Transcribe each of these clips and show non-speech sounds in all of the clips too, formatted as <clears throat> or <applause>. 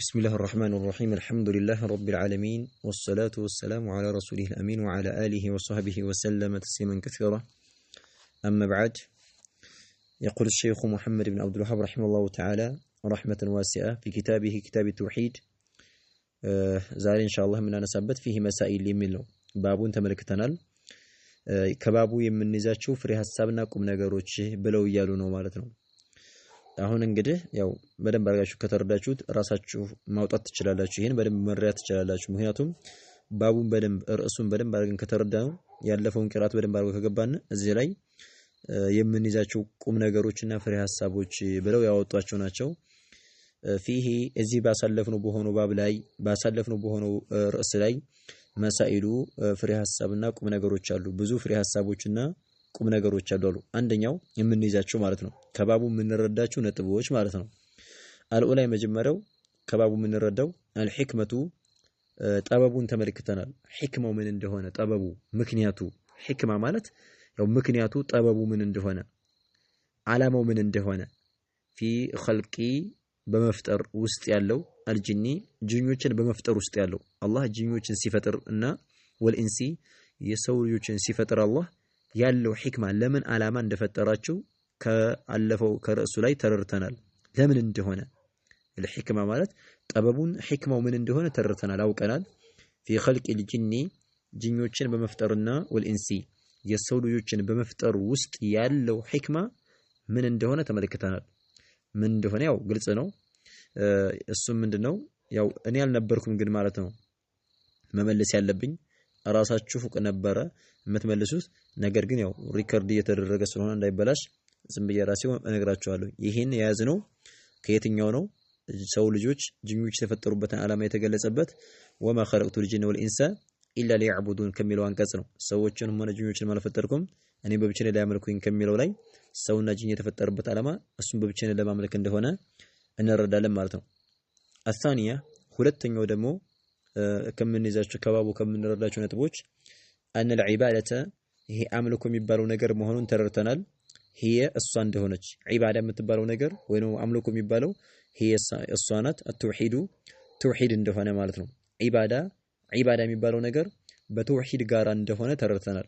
بسم الله الرحمن الرحيم الحمد لله رب العالمين والصلاة والسلام على رسوله الأمين وعلى آله وصحبه وسلم تسليما كثيرا أما بعد يقول الشيخ محمد بن عبد الوهاب رحمه الله تعالى رحمة واسعة في كتابه كتاب التوحيد آه زال إن شاء الله من أنا سبت فيه مسائل يملو باب تملكتنال آه كبابو يمن نزاتشو فريها السابنا كم نقروتش بلو يالو نو አሁን እንግዲህ ያው በደንብ አድርጋችሁ ከተረዳችሁት ራሳችሁ ማውጣት ትችላላችሁ። ይህን በደንብ መረዳት ትችላላችሁ። ምክንያቱም ባቡን በደንብ ርዕሱን በደንብ አድርገን ከተረዳ ነው ያለፈውን ቅራት በደንብ አድርገን ከገባን እዚህ ላይ የምንይዛቸው ቁም ነገሮችና ፍሬ ሀሳቦች ብለው ያወጧቸው ናቸው። ፊሄ እዚህ ባሳለፍነው በሆነው ባብ ላይ ባሳለፍነው በሆነው ርዕስ ላይ መሳኢሉ ፍሬ ሀሳብና ቁም ነገሮች አሉ። ብዙ ፍሬ ሀሳቦችና ቁም ነገሮች አሉ አሉ። አንደኛው የምንይዛቸው ማለት ነው ከባቡ የምንረዳቸው ነጥቦች ማለት ነው። አልኡላ የመጀመሪያው ከባቡ የምንረዳው አልሕክመቱ ጠበቡን ተመልክተናል። ሕክማው ምን እንደሆነ ጠበቡ ምክንያቱ ሕክማ ማለት ያው ምክንያቱ ጠበቡ ምን እንደሆነ ዓላማው ምን እንደሆነ ፊ ኸልቂ በመፍጠር ውስጥ ያለው አልጅኒ ጅኞችን በመፍጠር ውስጥ ያለው አላህ ጅኞችን ሲፈጥር እና ወልኢንሲ የሰው ልጆችን ሲፈጥር አላህ ያለው ሒክማ ለምን ዓላማ እንደፈጠራቸው ከአለፈው ከርዕሱ ላይ ተረድተናል። ለምን እንደሆነ ሒክማ ማለት ጠበቡን ሒክማው ምን እንደሆነ ተረድተናል፣ አውቀናል። ፊ ኸልቂል ጂኒ ጅኞችን በመፍጠርና ወልኢንሲ የሰው ልጆችን በመፍጠር ውስጥ ያለው ሒክማ ምን እንደሆነ ተመልክተናል። ምን እንደሆነ ያው ግልጽ ነው። እሱም ምንድነው ያው እኔ አልነበርኩም ግን ማለት ነው መመለስ ያለብኝ ራሳችሁ ፉቅ ነበረ የምትመልሱት። ነገር ግን ያው ሪከርድ እየተደረገ ስለሆነ እንዳይበላሽ ዝም ብዬ ራሴ እነግራችኋለሁ። የያዝ ነው ከየትኛው ነው? ሰው ልጆች ጅኞች የተፈጠሩበትን ዓላማ የተገለጸበት ወማ ኸለቅቱል ጂነ ወል ኢንሳ ኢላ ሊያዕቡዱን ከሚለው አንቀጽ ነው። ሆነ ጅኞችን አልፈጠርኩም እኔ በብቻዬ ሊያመልኩኝ ከሚለው ላይ ሰውና ጅኝ የተፈጠሩበት ዓላማ እሱም በብቻዬ ለማምለክ እንደሆነ እንረዳለን ማለት ነው። አሳኒያ ሁለተኛው ደግሞ ከምንይዛቸው ከባቡ ከምንረዳቸው ነጥቦች አነል ዒባደተ ይሄ አምልኮ የሚባለው ነገር መሆኑን ተረድተናል። ሂየ እሷ እንደሆነች ዒባዳ የምትባለው ነገር ወይም አምልኮ የሚባለው ሂየ እሷ ናት። ተውሂዱ ተውሂድ እንደሆነ ማለት ነው። ዒባዳ ዒባዳ የሚባለው ነገር በተውሂድ ጋራ እንደሆነ ተረድተናል።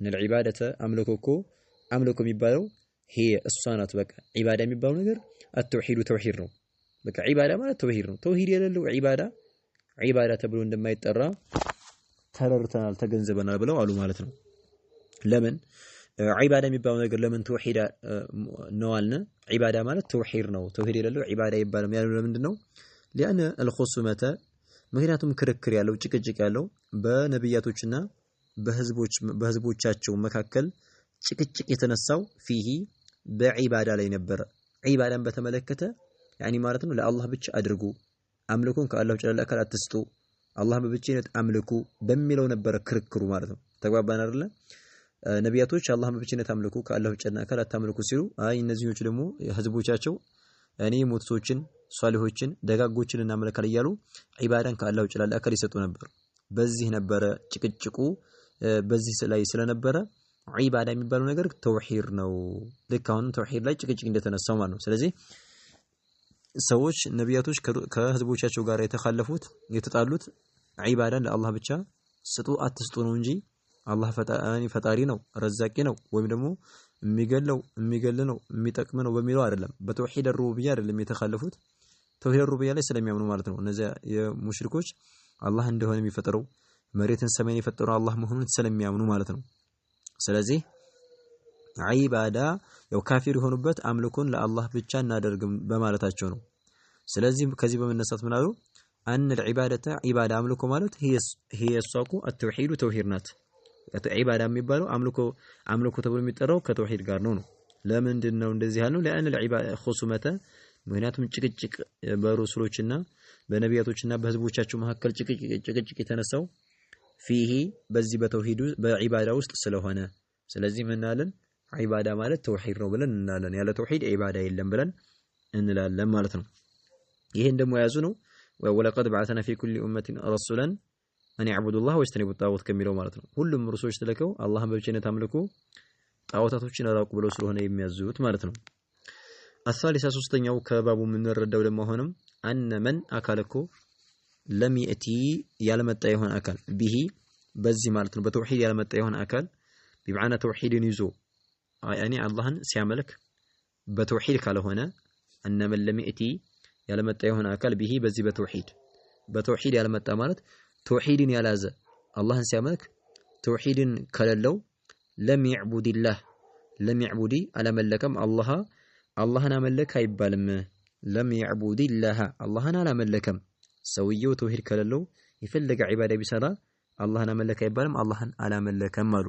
አነል ዒባደተ አምልኮ እኮ አምልኮ የሚባለው ሂየ እሷ ናት። በቃ ዒባዳ የሚባለው ነገር ተውሂዱ ተውሂድ ነው። በቃ ዒባዳ ማለት ተውሂድ ነው። ተውሂድ የሌለው ዒባዳ ዒባዳ ተብሎ እንደማይጠራ ተረርተናል፣ ተገንዘበናል ብለው አሉ ማለት ነው። ለምን ዒባዳ የሚባለው ነገር ለምን ተውሂድ ነው አልን? ዒባዳ ማለት ተውሂድ ነው። ተውሂድ የሌለው ዒባዳ ይባላል ያለው ለምንድን ነው? ሊአነ አልኹሱመተ ምክንያቱም ክርክር ያለው ጭቅጭቅ ያለው በነብያቶችና በህዝቦቻቸው መካከል ጭቅጭቅ የተነሳው ፊሂ በዒባዳ ላይ ነበረ። ዒባዳን በተመለከተ ያኒ ማለት ነው ለአላህ ብቻ አድርጉ አምልኮን ከአላህ ውጭ አካል አትስጡ፣ አላህ በብቸኝነት አምልኩ በሚለው ነበረ ክርክሩ ማለት ነው። ተግባባን አይደለ? ነቢያቶች አላህ በብቸኝነት አምልኩ፣ ከአላህ ውጭ አካል አታምልኩ ሲሉ፣ አይ እነዚህኞቹ ደግሞ ህዝቦቻቸው እኔ ሙትሶችን፣ ሷሊሆችን፣ ደጋጎችን እናመለካል እያሉ ዒባዳን ከአላህ ውጭ አካል ይሰጡ ነበር። በዚህ ነበረ ጭቅጭቁ። በዚህ ላይ ስለነበረ ዒባዳ የሚባለው ነገር ተውሂድ ነው። ልክ አሁንም ተውሂድ ላይ ጭቅጭቅ እንደተነሳው ማለት ነው። ስለዚህ ሰዎች ነቢያቶች ከህዝቦቻቸው ጋር የተካለፉት የተጣሉት ዒባዳን ለአላህ ብቻ ስጡ አትስጡ ነው እንጂ አላህ ፈጣሪ ነው፣ ረዛቂ ነው፣ ወይም ደግሞ የሚገለው የሚገል ነው የሚጠቅም ነው በሚለው አይደለም። በተውሂድ ሩቡብያ አይደለም የተካለፉት። ተውሂድ ሩቡብያ ላይ ስለሚያምኑ ማለት ነው። እነዚያ የሙሽሪኮች አላህ እንደሆነ የሚፈጥረው መሬትን ሰማይን የፈጠረው አላህ መሆኑን ስለሚያምኑ ማለት ነው። ስለዚህ ዒባዳ ያው ካፊር የሆኑበት አምልኮን ለአላህ ብቻ እናደርግም በማለታቸው ነው። ስለዚህ ከዚህ በመነሳት ምናሉ አን ልዒባደተ ዒባዳ አምልኮ ማለት የሷቁ አተውሒዱ ተውሂድ ናት። ዒባዳ የሚባለው አምልኮ ተብሎ የሚጠራው ከተውሂድ ጋር ነው ነው። ለምንድን ነው እንደዚህ ያልነው? ሊአን ኹሱመተ ምክንያቱም ጭቅጭቅ በሩሱሎችና በነቢያቶችና በህዝቦቻቸው መካከል ጭቅጭቅ የተነሳው ፊሂ በዚህ በተውሂዱ በዒባዳ ውስጥ ስለሆነ ስለዚህ ምናለን ዒባዳ ማለት ተውሂድ ነው ብለን እንላለን። ያለ ተውሂድ ዒባዳ የለም ብለን እንላለን ማለት ነው። ይሄን ደግሞ የያዙ ነው ወለቀድ በዓተና ፊ ኩሊ ኡመቲን ረሱለን እኔ አዕቡዱላህ ወጅተኒቡ ጣዖት ከሚለው ማለት ነው። ሁሉም ርሶች ተልከው አላህን በብቸኝነት አምልኩ፣ ጣዖታቶችን አራቁ ብለው ስለሆነ የሚያዙት ማለት ነው። አሳሊሳ ሶስተኛው ከባቡ የምንረዳው ደግሞ አሁንም አነ መን አካል እኮ ለም የእቲ ያልመጣ የሆነ አካል ብሂ በዚህ ማለት ነው በተውሂድ ያልመጣ የሆነ አካል ቢምዓና ተውሂድን ይዞ እኔ አላህን ሲያመልክ በተውሂድ ካልሆነ እነመን ለም የእቲ ያለመጣ የሆነ አካል ብሂ በዚህ በተውሂድ በተውሂድ ያልመጣ ማለት ተውሂድን ያልያዘ አላህን ሲያመልክ ተውሂድን ከሌለው ለም የዕቡድላህ ለም የዕቡዲ አላመለከም አላህ አላህን አመለክ አይባልም። ለም የዕቡድላህ አላህን አላመለከም። ሰውየው ተውሂድ ከሌለው የፈለገ ዒባዳ ቢሰራ አላህን አመለክ አይባልም። አላህን አላመለከም አሉ።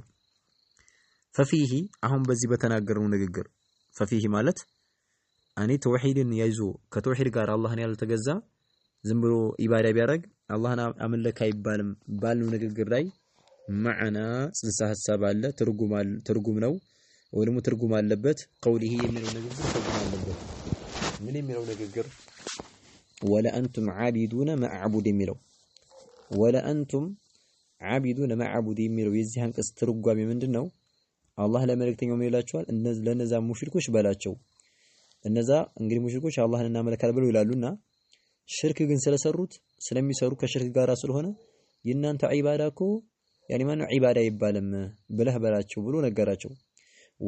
ፈፊሂ አሁን በዚህ በተናገረው ንግግር ፈፊሂ ማለት እኔ ተውሂድን ያይዞ ከተውሂድ ጋር አላህን ያልተገዛ ዝም ብሎ ኢባዳ ቢያደርግ አላህን አምልክ አይባልም ባልነው ንግግር ላይ ማዕና ጽንሰ ሀሳብ አለ፣ ትርጉም ነው ወይ ደግሞ ትርጉም አለበት። ቀውሊሂ የሚለው ንግግር ትርጉም አለበት። ምን የሚለው ንግግር ወለአንቱም አንቱም ዓቢዱነ ማዕቡድ የሚለው ወለአንቱም አንቱም ዓቢዱነ ማዕቡድ የሚለው የዚህ አንቀጽ ትርጓሜ ምንድን ነው? አላህ ለመልእክተኛው ይላቸዋል፣ ይላቸዋል? ለነዛ ሙሽሪኮች በላቸው እነዛ እንግዲህ ሙሽሪኮች አላህን እናመልካለን ብለው ይላሉና ሽርክ ግን ስለሰሩት ስለሚሰሩ ከሽርክ ጋር ስለሆነ የእናንተ ዒባዳ እኮ ያኔ ማን ዒባዳ አይባልም ብለህ በላቸው ብሎ ነገራቸው።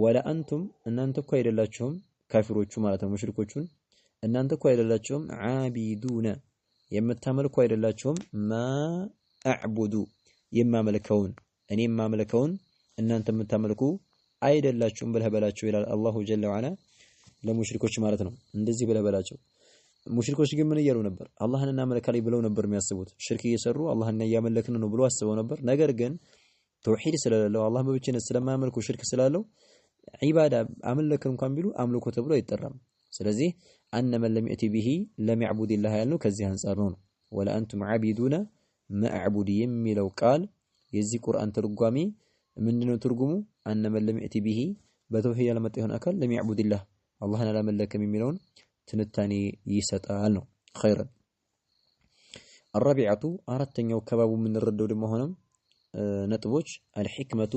ወላ አንቱም እናንተ እኮ አይደላችሁም ካፊሮቹ ማለት ነው ሙሽሪኮቹን እናንተ እኮ አይደላችሁም ዓቢዱነ የምታመልኩ አይደላችሁም ማ አዕቡዱ የማመልከውን እኔ የማመልከውን إن أنت من تملكو عيد الله شون بلها بلا شو إلى الله جل وعلا لمشركو شمارتنا ندزي بلها بلا شو مشركو شجع من يرو نبر الله أننا ملك علي بلو نبر ما يسبوت شرك يسرو الله أن يا ملكنا نبلو أسبو نبر نجر جن توحيد سلالة لو الله ما بتشين السلام ما ملكو شرك سلالة عبادة عمل لكم كان بلو أملكو تبلو يترم سلزي أن من لم يأتي به لم يعبد الله إلا كزيه أنصارون ولا أنتم عابدون ما عبد يمي لو قال يزي قرآن ترقامي ምንድነው ትርጉሙ? አነመን ለም የእቲ ቢሂ በተውሂድ ያለመጣ የሆነ አካል ለም ያዕቡድላህ አላህን አላመለክም የሚለውን ትንታኔ ይሰጣል ነው። ኸይረን አራቢዐቱ አራተኛው ከባቡ የምንረዳው ደግሞ ሆነም ነጥቦች አልሕክመቱ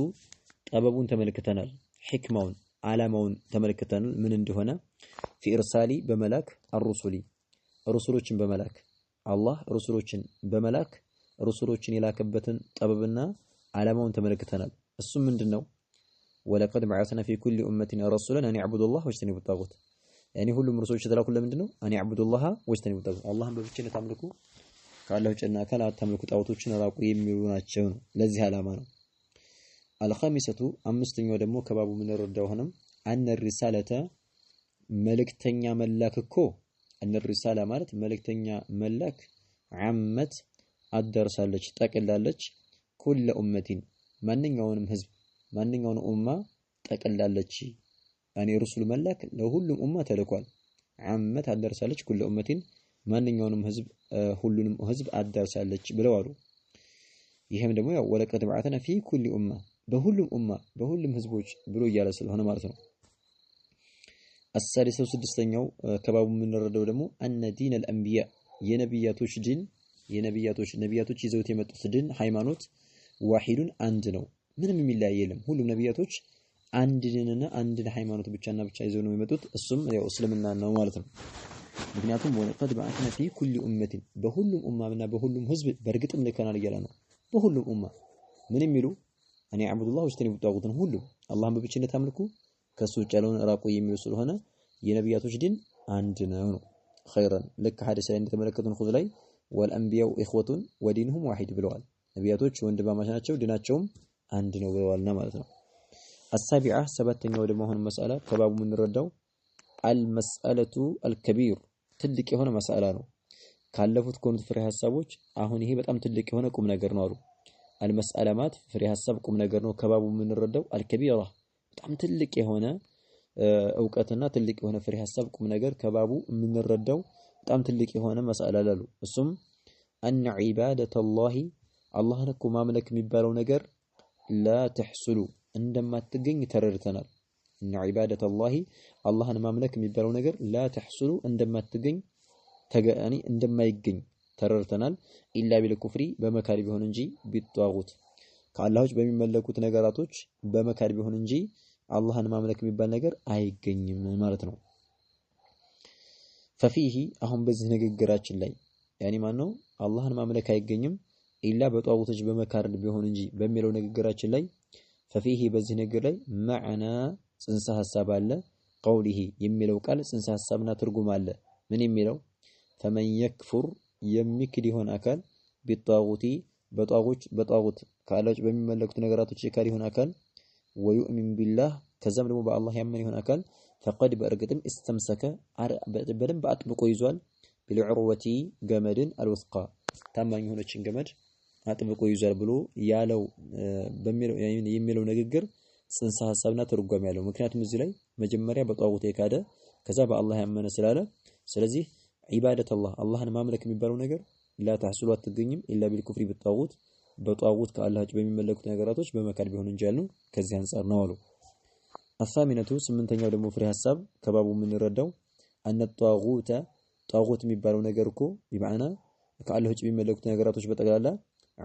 ጠበቡን ተመልክተናል። ሕክማውን ዓላማውን ተመልክተናል። ምን እንደሆነ ፊ ኢርሳሊ በመላክ አሩሱሊ ሩሱሎችን በመላክ አላህ ሩሱሎችን በመላክ ሩሱሎችን የላከበትን ጠበብና ዓላማውን ተመልክተናል። እሱ ምንድን ነው ወለቀድ በዐስና ፊ ኩሊ ኡመቲን ረሱለን አን ያዕቡዱላህ ወጅተኒቡ ጣጉት። እኔ ሁሉም ርሶች የተላኩ ለምንድን ነው? አን ያዕቡዱላህ ወጅተኒቡ ጣጉት፣ አላህን በብቸኝነት አምልኩ፣ ከአላህ ውጭ አካል አታምልኩ፣ ጣዖቶችን ራቁ የሚሉ ናቸው። ነው ለዚህ ዓላማ ነው። አልኸሚሰቱ አምስተኛው ደግሞ ከባቡ የምንረዳው ሆነም አነ ሪሳለተ መልእክተኛ መላክ እኮ እነ ሪሳላ ማለት መልእክተኛ መላክ ዓመት አዳርሳለች፣ ጠቅላለች ኩለ ኡመቲን ማንኛውንም ህዝብ ማንኛውን ኡማ ጠቅላለች። ያኔ ሩሱል መላክ ለሁሉም ኡማ ተልኳል። አመት አዳርሳለች ኩለ ኡመቲን ማንኛውንም ህዝብ ሁሉንም ህዝብ አዳርሳለች ብለው አሉ። ይህም ደግሞ ያው ወለቀት በዓተና ፊ ኩሊ ኡማ በሁሉም ኡማ በሁሉም ህዝቦች ብሎ እያለ ስለሆነ ማለት ነው። አሳዲሰው ስድስተኛው ከባቡ የምንረዳው ደግሞ አነ ዲን አልአንቢያ የነቢያቶች ዲን የነቢያቶች ነቢያቶች ይዘውት የመጡት ድን ሃይማኖት ዋሂዱን አንድ ነው። ምንም የሚለያይ የለም። ሁሉም ነቢያቶች አንድ ድንና አንድ ሃይማኖት ብቻና ብቻ ይዘው ነው የመጡት። እሱም ያው እስልምና ነው ማለት ነው። ምክንያቱም ወለቀድ በአትና ፊ ኩሊ ኡመቲን በሁሉም ኡማና በሁሉም ህዝብ በእርግጥም ልከናል እያለ ነው። በሁሉም ኡማ ምን የሚሉ እኔ አብዱላህ ውስጥ ነው ሁሉ አላህን በብቸኝነት አምልኩ ከሱ ውጭ ያለውን ራቁ የሚሉ ስለሆነ የነቢያቶች ዲን አንድ ነው ነው። ኸይረን ልክ ሐዲስ ላይ እንደተመለከቱን ኹዝ ላይ ወልአንቢያው ኢኽወቱን ወዲንሁም ዋሂድ ብለዋል። ነቢያቶች ወንድማማች ናቸው፣ ድናቸውም አንድ ነው ብለዋልና ማለት ነው። አሳቢዓ ሰባተኛ ወደ መሆን መስአላ ከባቡ የምንረዳው አልመስአለቱ አልከቢር ትልቅ የሆነ መስአላ ነው። ካለፉት ከሆኑት ፍሬ ሀሳቦች አሁን ይሄ በጣም ትልቅ የሆነ ቁም ነገር ነው አሉ። አልመስአላ ፍሬ ሀሳብ ቁም ነገር ነው። ከባቡ የምንረዳው አልከቢራ በጣም ትልቅ የሆነ እውቀትና ትልቅ የሆነ ፍሬ ሀሳብ ቁም ነገር ከባቡ የምንረዳው በጣም ትልቅ የሆነ መስአላ ላሉ እሱም አነ ዒባደተላሂ አላህን እኮ ማምለክ የሚባለው ነገር ላ ተሕሱሉ እንደማትገኝ ተረድተናል። እና ዒባደት አላሂ አላህን ማምለክ የሚባለው ነገር ላ ተሕሱሉ እንደማትገኝ እንደማይገኝ ተረድተናል። ኢላ ቢል ኩፍሪ በመካድ ቢሆን እንጂ ቢጧጉት ከአላህ በሚመለኩት ነገራቶች በመካድ ቢሆን እንጂ አላህን ማምለክ የሚባል ነገር አይገኝም ማለት ነው። ፈፊሂ አሁን በዚህ ንግግራችን ላይ ያኒ ማነው አላህን ማምለክ አይገኝም ኢላ በጧጉቶች በመካረድ ቢሆን እንጂ በሚለው ንግግራችን ላይ ፈፊሂ በዚህ ንግግር ላይ መዕና ጽንሰ ሐሳብ አለ። ቀውሊሂ የሚለው ቃል ጽንሰ ሐሳብና ትርጉም አለ። ምን የሚለው ፈመን የክፉር የሚክድ ይሆን አካል ቢጧጉቲ በጧጉት በጧጉት ከአላጭ በሚመለኩት ነገራቶች የካድ ይሆን አካል ወዩእሚን ቢላህ ከዛም ደግሞ በአላህ ያመን ይሆን አካል ፈቀድ በእርግጥም እስተምሰከ በደንብ አጥብቆ ይዟል ቢልዑርወቲ ገመድን አልወስቃ ታማኝ የሆነችን ገመድ አጥብቆ ይዟል ብሎ ያለው የሚለው ንግግር ጽንሰ ሐሳብና ትርጓሜ ያለው። ምክንያቱም እዚህ ላይ መጀመሪያ በጣዖት የካደ ከዛ በአላህ ያመነ ስላለ፣ ስለዚህ ዒባደት አላህ አላህን ማምለክ የሚባለው ነገር ላ ተሕሱሉ አትገኝም ኢላ ቢልኩፍሪ ብጣዖት በጣዖት ከአላህ ውጭ በሚመለኩት ነገራቶች በመካድ ቢሆን እንጂ ያልነው ከዚህ አንጻር ነው አሉ። አሳሚነቱ ስምንተኛው ደግሞ ፍሬ ሐሳብ ከባቡ የምንረዳው አነ ጣዖተ ጣዖት የሚባለው ነገር እኮ ቢመዓና ከአላህ ውጭ በሚመለኩት ነገራቶች በጠቅላላ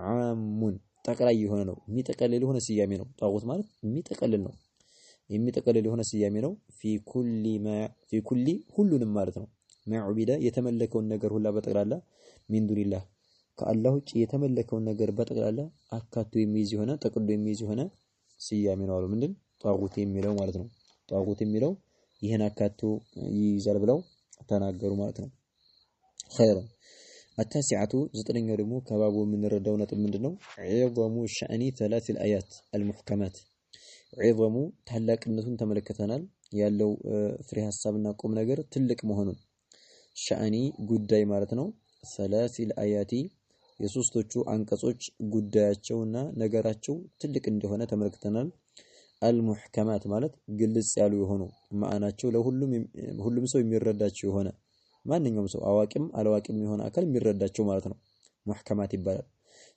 ዓሙን ጠቅላይ የሆነ ነው። የሚጠቀልል የሆነ ስያሜ ነው። ጣዖት ማለት የሚጠቀልል ነው። የሚጠቀልል የሆነ ስያሜ ነው። ፊ ኩሊ ሁሉንም ማለት ነው። ማዕቢደ የተመለከውን ነገር ሁላ በጠቅላላ ሚን ዱኒላህ ከአላህ ውጭ የተመለከውን ነገር በጠቅላላ አካቶ የሚይዝ የሆነ ጠቅሎ የሚይዝ የሆነ ስያሜ ነው አሉ። ምንድን ጣዖት የሚለው ማለት ነው። ጣዖት የሚለው ይህን አካቶ ይይዛል ብለው ተናገሩ ማለት ነው። ኸይረን አታሲዓቱ ዘጠነኛው ደግሞ ከባቡ የምንረዳው ነጥብ ምንድነው ነው? ዒዘሙ ሸእኒ ተላቲል አያት አልሙሕከማት ዒዘሙ ታላቅነቱን ተመልክተናል። ያለው ፍሬ ሀሳብና ቁም ነገር ትልቅ መሆኑን ሸእኒ ጉዳይ ማለት ነው። ተላቲል ልአያቲ የሶስቶቹ አንቀጾች ጉዳያቸውና ነገራቸው ትልቅ እንደሆነ ተመልክተናል። አልሙሕከማት ማለት ግልጽ ያሉ የሆኑ ማዕናቸው ለሁሉም ሰው የሚረዳቸው የሆነ ማንኛውም ሰው አዋቂም አላዋቂም የሆነ አካል የሚረዳቸው ማለት ነው። ሙሕከማት ይባላል።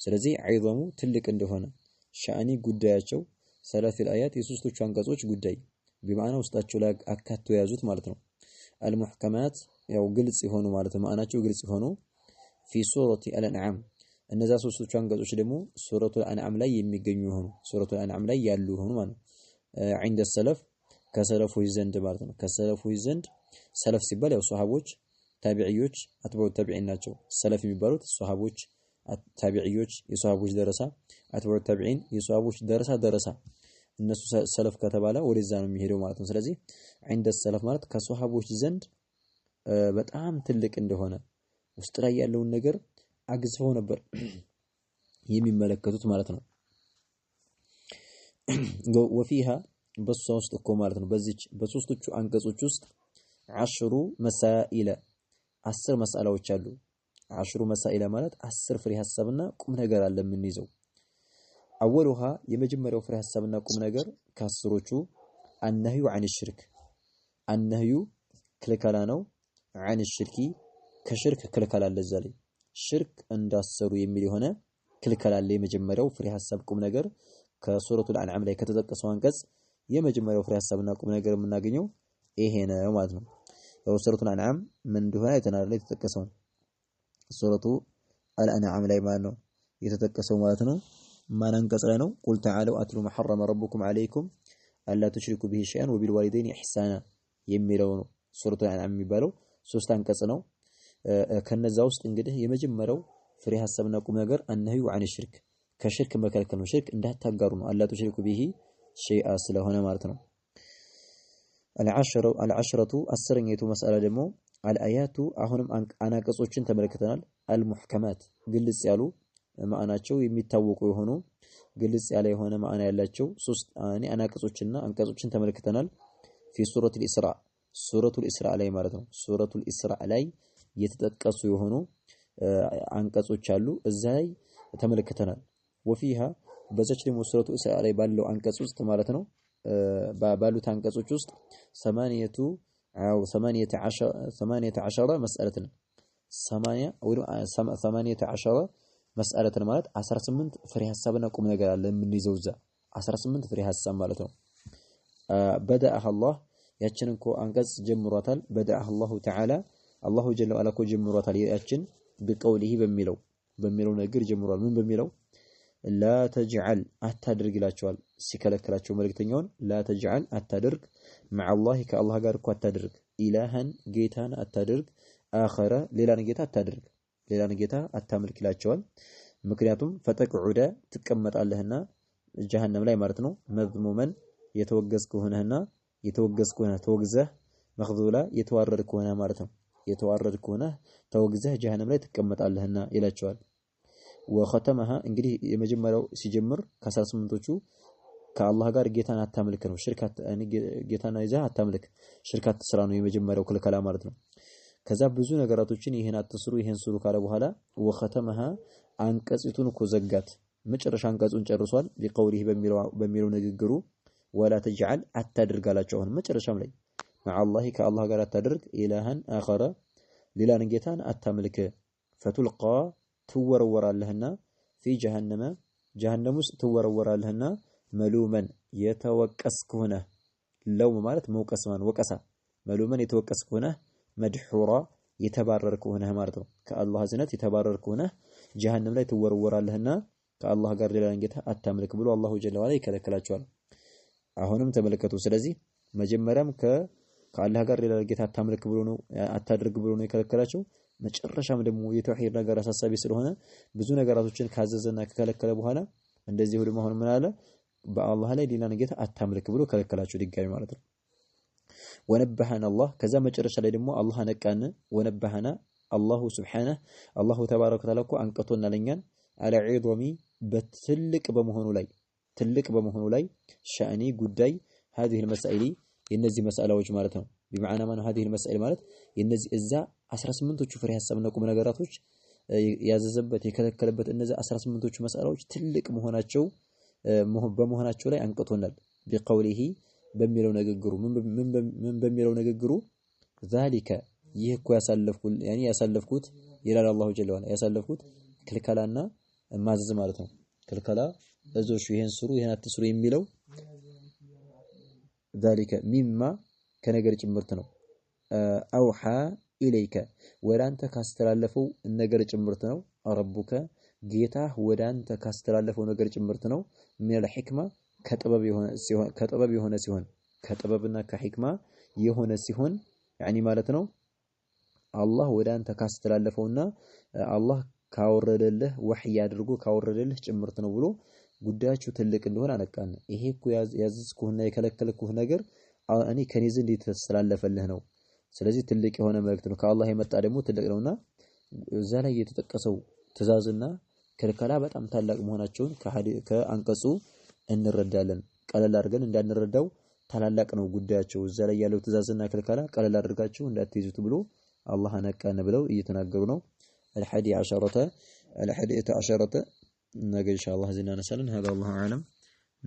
ስለዚህ ዒዘሙ ትልቅ እንደሆነ ሻእኒ ጉዳያቸው ሰለፊል አያት የሶስቶቹ አንቀጾች ጉዳይ በማዕና ውስጣቸው ላይ አካቶ የያዙት ማለት ነው። አልሙሕከማት ያው ግልጽ የሆኑ ማለት ነው። ማዕናቸው ግልጽ የሆኑ ፊ ሱረቲ አልአንዓም እነዛ ሶስቶቹ አንቀጾች ደግሞ ሱረቱል አንዓም ላይ የሚገኙ የሆኑ ሱረቱል አንዓም ላይ ያሉ የሆኑ ማለት ነው። ዒንደ ሰለፍ ከሰለፎች ዘንድ ማለት ነው። ከሰለፎች ዘንድ ሰለፍ ሲባል ያው ሰሃቦች ታቢዕዮች አትባው ታቢዒን ናቸው። ሰለፍ የሚባሉት ሶሃቦች ታቢዕዮች የሶሃቦች ደረሳ አትባው ታቢዒን የሶሃቦች ደረሳ ደረሳ እነሱ ሰለፍ ከተባለ ወደዛ ነው የሚሄደው ማለት ነው። ስለዚህ እንደ ሰለፍ ማለት ከሶሃቦች ዘንድ በጣም ትልቅ እንደሆነ ውስጥ ላይ ያለውን ነገር አግዝፈው ነበር <clears throat> የሚመለከቱት ማለት ነው። <clears throat> ወፊሃ በሷ ውስጥ እኮ ማለት ነው በዚች በሶስቶቹ አንቀጾች ውስጥ አሽሩ መሳኢለ አስር መሳላዎች አሉ። አሽሩ መሳኢላ ማለት አስር ፍሬ ሀሳብና ቁም ነገር አለ የምንይዘው። አወል ውሃ የመጀመሪያው ፍሬ ሀሳብና ቁም ነገር ከአስሮቹ አነህዩ አን ሽርክ፣ አነህዩ ክልከላ ነው። አን ሽርኪ ከሽርክ ክልከላ አለ። እዛ ላይ ሽርክ እንዳሰሩ የሚል የሆነ ክልከላ አለ። የመጀመሪያው ፍሬ ሀሳብ ቁም ነገር ከሱረቱል አንዓም ላይ ከተጠቀሰው አንቀጽ የመጀመሪያው ፍሬ ሀሳብና ቁም ነገር የምናገኘው ይሄ ነው ማለት ነው። فسورة الأنعام من دهاية اللي تتكسون سورة الأنعام لا يبانو يتتكسون مالتنا ما ننقص لنا قل تعالوا أتلوا ما ربكم عليكم ألا تشركوا به شيئا وبالوالدين إحسانا يميلون سورة الأنعام يبالو سوستا انقصنا كان الزاوس انقده يمجم مرو فريها السبنا قم نقر النهي عن الشرك كشرك ما كان الشرك انده تقارنا ألا تشركوا به شيئا سلا هنا العشرة العشرة السرنجة مسألة دمو الآيات أهونم أنك أنا كسوتشن تملكتنا المحكمات قلت يالو ما أنا شو يمتوق يهونو قلت يالي هون ما أنا يلا شو سوست أنا أنا كسوتشنا أنك كسوتشن تملكتنا في سورة الإسراء سورة الإسراء علي مرتهم سورة الإسراء علي يتدكس يهونو آه، أنك كسوتشالو إزاي تملكتنا وفيها بزشري مسورة الإسراء علي بالو أنك كسوتش تملكتنا ባሉት አንቀጾች ውስጥ 8ቱ አው 18 ዐሸረ ሰማንየተ ዐሸረ መስአለትን ሰማንያ ወይ ሰማንየተ ዐሸረ መስአለትን ማለት 18 ፍሬ ሐሳብና ቁም ነገር አለ የምንይዘው እዛ 18 ፍሬ ሐሳብ ማለት ነው። በደአህ ያችን እኮ አንቀጽ ጀምሯታል። በደአህ አላሁ ተዓላ አላሁ ጀለ ወዐላ እኮ ጀምሯታል። ያችን ቢቀውሊሂ በሚለው በሚለው ነገር ጀምሯል። ምን በሚለው ላተጅዓል ተጅዐል አታድርግ ይላቸዋል። ሲከለከላቸው መልእክተኛውን ላ ተጅዐል አታድርግ፣ መዐላሂ ከአላህ ጋር እኮ አታድርግ፣ ኢላሃን ጌታን አታድርግ፣ አኸረ ሌላን ጌታ አታድርግ፣ ሌላን ጌታ አታምልክ ይላቸዋል። ምክንያቱም ፈተቅዑደ ትቀመጣለህና ጀሃነም ላይ ማለት ነው። መዝሙመን የተወገዝክ ሆነህና የተወገዝክ ሆነህ ተወግዘህ፣ መኽዙላ የተዋረድክ ሆነህ ማለት ነው። የተዋረድክ ሆነህ ተወግዘህ ጀሀነም ላይ ትቀመጣለህና ይላቸዋል። ወኸተመሃ እንግዲህ የመጀመሪያው ሲጀምር ከአስራ ስምንቶቹ ከአላህ ጋር ጌታን አታምልክ ነው። ሽርካት ጌታን ይዘህ አታምልክ ሽርካት ስራ ነው የመጀመሪያው ክልከላ ማለት ነው። ከዛ ብዙ ነገራቶችን ይሄን አትስሩ ይሄን ስሩ ካለ በኋላ ወኸተመሃ አንቀጽቱን እኮ ዘጋት። መጨረሻ አንቀጹን ጨርሷል። ቢቀውሊህ በሚለው ንግግሩ ወላ ተጅዐል አታድርግ አላቸው። አሁን መጨረሻም ላይ መዓላሂ ከአላህ ጋር አታድርግ ኢላሃን አኸረ ሌላን ጌታን አታምልክ ፈቱልቃ ትወረወራለህና ፊ ጀሀነመ ጀሃነም ውስጥ ትወረወራለህና መሉመን የተወቀስክ ሆነህ ለውም ማለት መውቀስ ማን ወቀሳ መሉመን የተወቀስክ ሆነህ መድሑራ የተባረርክ ሆነህ ማለት ነው። ከአላህ እዝነት የተባረርክ ሆነህ ጀሀነም ላይ ትወረወራለህና ከአላህ ጋር ሌላን ጌታ አታምልክ ብሎ አላሁ ጀለ ወዐላ ይከለክላቸዋል። አሁንም ተመለከቱ። ስለዚህ መጀመሪያም ከአላህ ጋር ሌላ ጌታ አታምልክ ብሎ ነው አታድርግ ብሎ ነው የከለከላቸው። መጨረሻም ደግሞ የተውሂድ ነገር አሳሳቢ ስለሆነ ብዙ ነገራቶችን ካዘዘና ከከለከለ በኋላ እንደዚህ ሁሉ መሆን ምን አለ በአላህ ላይ ሌላን ጌታ አታምልክ ብሎ ከለከላቸው ድጋሚ ማለት ነው። ወነበሃን አላህ ከዛ መጨረሻ ላይ ደግሞ አላህ ነቃን። ወነበሃና አላሁ ሱብሓነሁ አላሁ ተባረከ ወተዓላ እኮ አንቀቶና ለኛን አለ ዒዶሚ በትልቅ በመሆኑ ላይ ትልቅ በመሆኑ ላይ ሻእኒ ጉዳይ ሀዚህ መሳኢሊ የነዚህ መሳላዎች ማለት ነው ቢመዓና ማነው ሀዲህ መሳኤል ማለት የነዚህ እዛ 18ቶቹ ፍሬ ሀሳብና ቁም ነገራቶች ያዘዘበት የከለከለበት እነዚህ 18ቶቹ መስአላዎች ትልቅ መሆናቸው በመሆናቸው ላይ አንቅቶናል። ቢቀውሊሂ በሚለው ንግግሩ ምን በሚለው ንግግሩ ዛሊከ ይህ እኮ ያሳለፍኩት ይላል አላሁ ጀለ ወዐላ ያሳለፍኩት ክልከላና ማዘዝ ማለት ነው። ክልከላ እዞቹ ይህን ስሩ፣ ይህን አትስሩ የሚለው ዛሊከ ሚማ ከነገር ጭምርት ነው። አውሓ ኢለይከ ወደ አንተ ካስተላለፈው ነገር ጭምርት ነው። ረቡከ ጌታህ ወደ አንተ ካስተላለፈው ነገር ጭምርት ነው። ሚነል ሒክማ ከጥበብ የሆነ ሲሆን ከጥበብና ከሒክማ የሆነ ሲሆን ያኒ ማለት ነው አላህ ወደ አንተ ካስተላለፈውና አላህ ካወረደልህ ወሕይ አድርጎ ካወረደልህ ጭምርት ነው ብሎ ጉዳያችሁ ትልቅ እንደሆነ አነቃን። ይሄ እኮ ያዘዝኩህና የከለከልኩህ ነገር እኔ ከኔ ዘንድ የተስተላለፈልህ ነው። ስለዚህ ትልቅ የሆነ መልእክት ነው። ከአላህ የመጣ ደግሞ ትልቅ ነውና እዛ ላይ የተጠቀሰው ትእዛዝና ክልከላ በጣም ታላቅ መሆናቸውን ከአንቀጹ እንረዳለን። ቀለል አድርገን እንዳንረዳው ታላላቅ ነው ጉዳያቸው። እዛ ላይ ያለው ትእዛዝና ክልከላ ቀለል አድርጋችሁ እንዳትይዙት ብሎ አላህ ነቃን ብለው እየተናገሩ ነው። አልሐዲ ዓሸረተ አልሐዲየተ ዓሸረተ ነገ ኢንሻአላህ ዜና እናነሳለን። هذا والله أعلم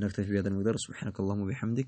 نكتفي بهذا المقدار سبحانك اللهم وبحمدك